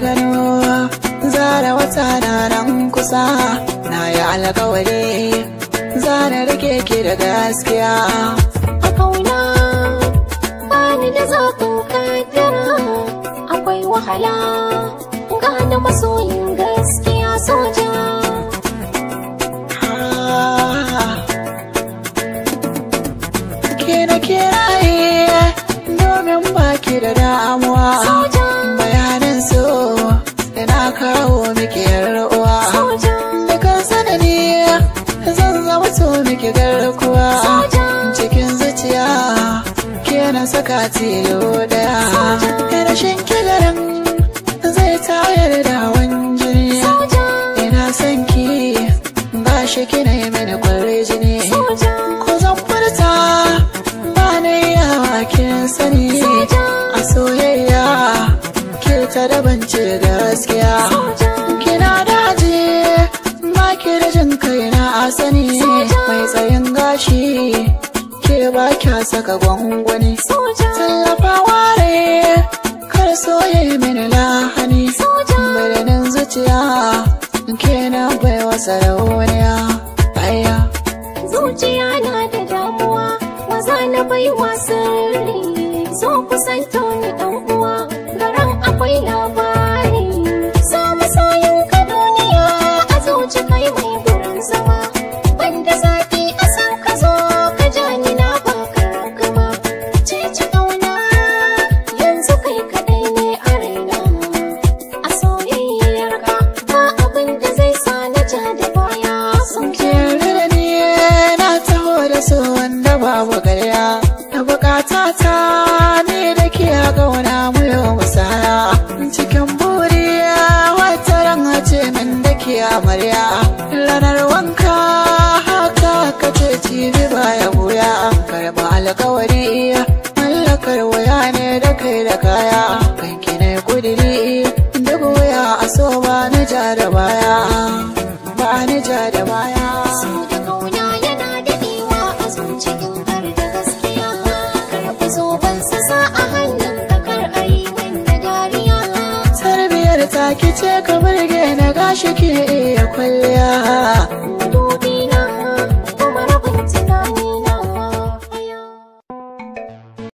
gano zara wata na nan kusa na yi alkawari zara rike ki da gaskiya a kauna bani da zafin kaddara akwai wahala gane masoyin gaskiya soja Kira kiraye domin baki da damuwa. Soja. so nake garkuwa cikin zuciya ke na saka tilo daya karshen kilaran zai tayar da hawan jini ina son ki ba shi kina yi mini kwarai jini ko zan furta ba na yawa kin sani a soyayya ke ta daban da gaskiya kina daji ba ki da jin kaina a sani gashi ke ba kya saka gwangwani tallafawa ware kar soye mini lahani birnin zuciya ke na baiwa sarauniya aya zuciya na da damuwa maza na baiwa sirri zo kusanto ni so wanda babu karya da bukata ta ne da ke gauna mu yau musaya cikin buri wata ran ce min da ke amarya ranar wanka haka ka ce cibi baya goya karba alkawari mallakar waya ne da kai da kaya kanki na kudiri duk waya a so ba ni ja da baya ba ni ja da baya ki ce ka burge na gashi ke iya kwalliya